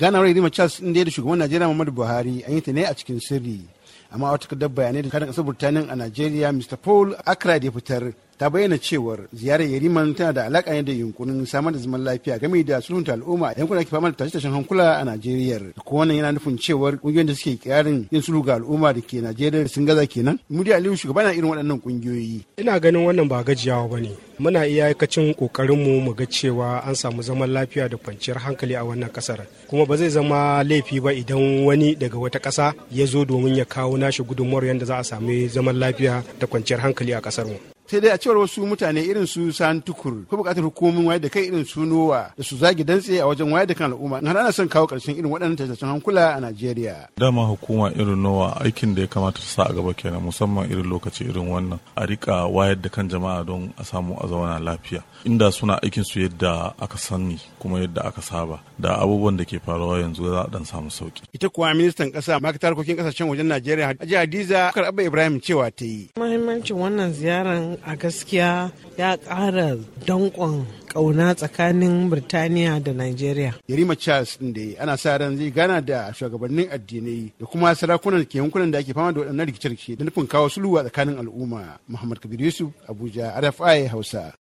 ganawar idima charles inda da shugaban najeriya muhammadu buhari an yi ta ne a cikin sirri amma wata kadar bayanai da kanin kasar burtanin a najeriya mr paul akra da fitar ta bayyana cewar ziyarar yariman tana da alaƙa ne da yunkurin samar da zaman lafiya game da sulhunta al'umma a yankunan ake fama da tashe-tashen hankula a Najeriya. ko wannan yana nufin cewar kungiyoyin da suke kirarin yin sulhu ga al'umma da ke Najeriya sun gaza kenan. Mudi Aliyu shugaba na irin waɗannan kungiyoyi. Ina ganin wannan ba gajiyawa ba ne. Muna iyakacin ƙoƙarinmu mu ga cewa an samu zaman lafiya da kwanciyar hankali a wannan kasar Kuma ba zai zama laifi ba idan wani daga wata ƙasa ya zo domin ya kawo nashi gudunmawar yadda za a sami zaman lafiya da kwanciyar hankali a ƙasarmu. sai dai a cewar wasu mutane irin su san tukur ko bukatar hukumomin wayar da kai irin su nowa da su zagi dantse a wajen wayar da kan al'umma na ana son kawo karshen irin waɗannan tashin hankula a Najeriya dama hukuma irin nowa aikin da ya kamata su sa a gaba kenan musamman irin lokaci irin wannan a rika wayar da kan jama'a don a samu a zauna lafiya inda suna aikin su yadda aka sani kuma yadda aka saba da abubuwan da ke faruwa yanzu za a dan samu sauki ita kuwa ministan kasa ma'aikatar harkokin kasashen wajen Najeriya Hadiza kar Abba Ibrahim cewa ta yi muhimmancin wannan ziyarar a gaskiya ya ƙara danƙon ƙauna tsakanin Birtaniya da Najeriya. Yarima Charles ɗin da ana sa ran zai gana da shugabannin addinai da kuma sarakunan ke yankunan da ake fama da waɗannan rikice-rikice da nufin kawo sulhu a tsakanin al'umma. Muhammad Kabir Yusuf, Abuja, RFI Hausa.